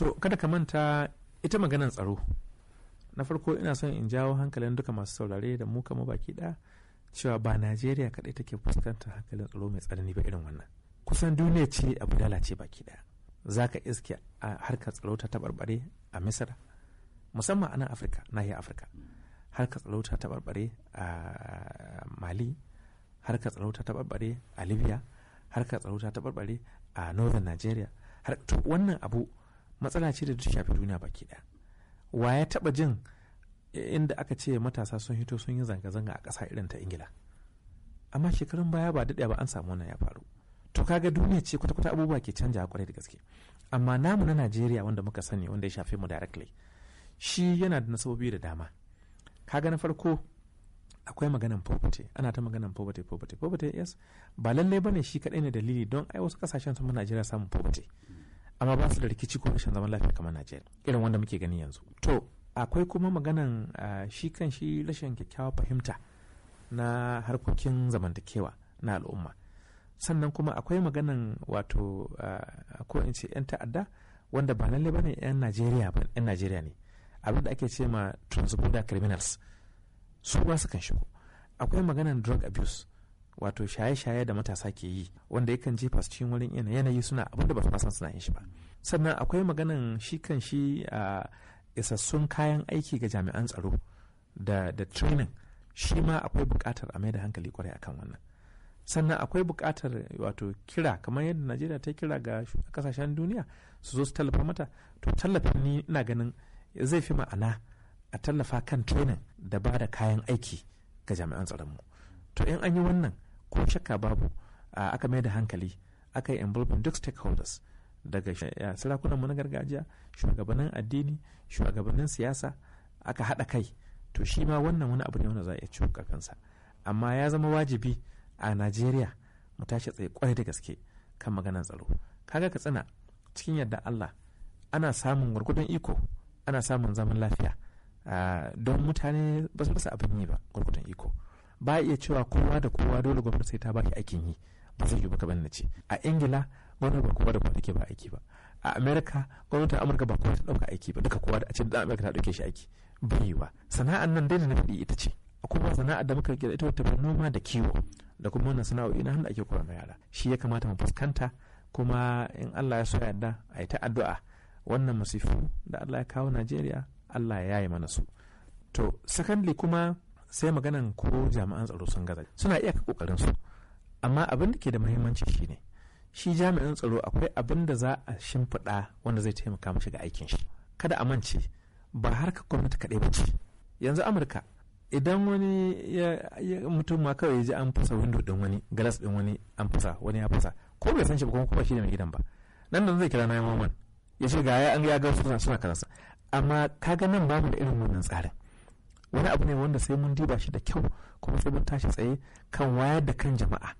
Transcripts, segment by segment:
to kada ka manta ita maganan tsaro na farko ina son in jawo hankalin duka masu saurare da mu kama baki da cewa ba najeriya kaɗai take fuskantar hankalin tsaro mai tsanani ba irin wannan kusan duniya ce abu ce baki ɗaya za ka iske a harkar tsaro ta tabarbare a misira musamman a nan afirka nahiyar afirka harkar tsaro ta tabarbare a mali harkar tsaro ta tabarbare a libya harkar tsaro ta tabarbare a northern nigeria wannan abu matsala ce da ta shafi duniya baki ɗaya wa ya taɓa jin inda aka ce matasa sun hito sun yi zanga-zanga a ƙasa irin ta ingila amma shekarun baya ba daɗe ba an samu wannan ya faru to kaga duniya ce kwata-kwata abubuwa ke canja kwarai da gaske amma namu na najeriya wanda muka sani wanda ya shafe mu directly shi yana da nasabobi da dama kaga na farko akwai maganan poverty ana ta maganan poverty poverty poverty yes ba lallai bane shi kadai ne dalili don ai wasu kasashen sun najeriya samun poverty amma ba su da rikici ko rashin zaman lafiya kamar Najeriya irin wanda muke gani yanzu to akwai kuma maganan shi kan shi rashin kyakkyawar fahimta na harkokin zamantakewa na al'umma sannan kuma akwai maganan wato ko in ce 'yan ta'adda wanda ba lalle ne 'yan Najeriya ba 'yan Najeriya ne abin da ake ce ma transborder criminals su ba su kan shigo akwai maganan drug abuse wato shaye-shaye da matasa ke yi wanda yakan jefa su cikin wurin yanayi suna abin da ba su san suna yin shi ba sannan akwai maganan shi kan shi a isassun kayan aiki ga jami'an tsaro da da training shi ma akwai bukatar a mai da hankali kwarai akan wannan sannan akwai bukatar wato kira kamar yadda najeriya ta kira ga kasashen duniya su zo su tallafa mata to tallafin ni ina ganin zai fi ma'ana a tallafa kan training da ba da kayan aiki ga jami'an tsaronmu to in an yi wannan ko shakka babu aka mai da hankali aka yi involving duk stakeholders daga mu na gargajiya shugabannin addini shugabannin siyasa aka haɗa kai to shi ma wannan wani abu ne wanda za a iya ciwo kansa amma ya zama wajibi a najeriya mu tashi tsaye kwarai da gaske kan maganar tsaro kaga ka tsina cikin yadda allah ana samun gwargwadon iko ana samun zaman lafiya don mutane ba su rasa abin yi ba gwargwadon iko ba iya cewa kowa da kowa dole gwamnati sai ta baki aikin yi ba zai yi ba kamar ce a ingila gwamnati ba kowa da kowa take ba aiki ba a amerika gwamnatin amurka ba kowa ta dauka aiki ba duka kowa da a ce da amerika ta dauke shi aiki bai yi ba sana'an nan dai na fadi ita ce kuma sana'ar da muka gida ita wata noma da kiwo da kuma wannan sana'o'i na hannu ake koya yara shi ya kamata mu fuskanta kuma in Allah ya so yarda a yi ta addu'a wannan masifu da Allah ya kawo Najeriya Allah ya yaye mana su to secondly kuma sai maganan ko jami'an tsaro sun gaza suna iya kokarin su amma abin da ke da muhimmanci shine shi jami'an tsaro akwai abin da za a shimfiɗa wanda zai taimaka mu shiga aikin shi kada a mance ba ka gwamnati kaɗai ba ce yanzu amurka idan wani mutum ma kawai ya ji an fasa windo din wani galas din wani an fasa wani ya fasa ko bai san shi ba kuma kuma shi ne mai gidan ba nan da zai kira na yawan ya ce ga ya an ya ga suna suna kaza amma ga nan babu da irin wannan tsarin wani abu ne wanda sai mun diba shi da kyau kuma sai mun tashi tsaye kan wayar da kan jama'a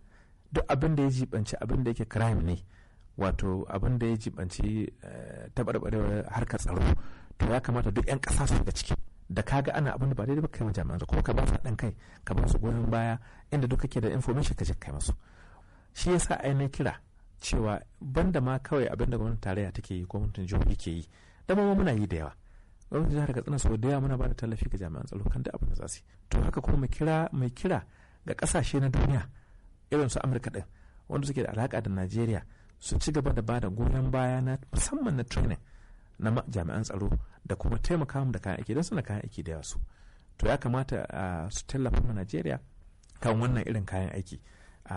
duk abin da ya jibanci abin da yake crime ne wato abin da ya jibanci eh, tabarbarewar harkar tsaro to ya kamata duk 'yan kasa su ga ciki da kaga ana abin da ba daidai ba kai jami'an ko ka ba su haɗin kai ka ba su goyon baya inda duk kake da information ka je kai musu shi yasa ai na kira cewa banda ma kawai abin da gwamnatin tarayya take yi ko gwamnatin jihohi ke yi dama ma muna yi da yawa gwamnatin jihar katsina sau da yawa muna ba da tallafi ga jami'an tsaro kan da abin da za su to haka kuma mai kira mai kira ga kasashe na duniya irin su amurka din wanda suke da alaka da najeriya su ci gaba da bada goyon baya na musamman na training na jami'an tsaro da kuma taimaka mu da kayan aiki don suna kayan aiki da su to ya kamata su tallafa ma najeriya kan wannan irin kayan aiki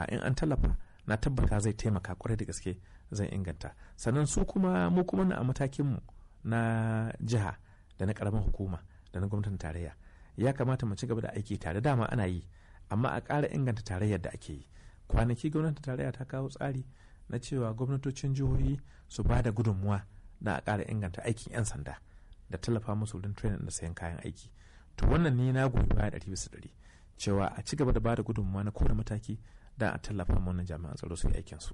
in an tallafa na tabbata zai taimaka kwarai da gaske zai inganta sannan su kuma mu kuma na a matakinmu na jiha da na karamin hukuma da na gwamnatin tarayya ya kamata mu ci gaba da aiki tare dama ana yi amma a kara inganta tarayyar da ake yi kwanaki gwamnatin tarayya ta kawo tsari na cewa gwamnatocin jihohi su ba da gudunmuwa na a ƙara inganta aikin 'yan sanda da tallafa musu wurin training da sayan kayan aiki to wannan ne na goyi baya ɗari bisa ɗari cewa a ci gaba da ba da gudunmuwa na kowane mataki don a tallafa mana jami'an tsaro su yi aikinsu.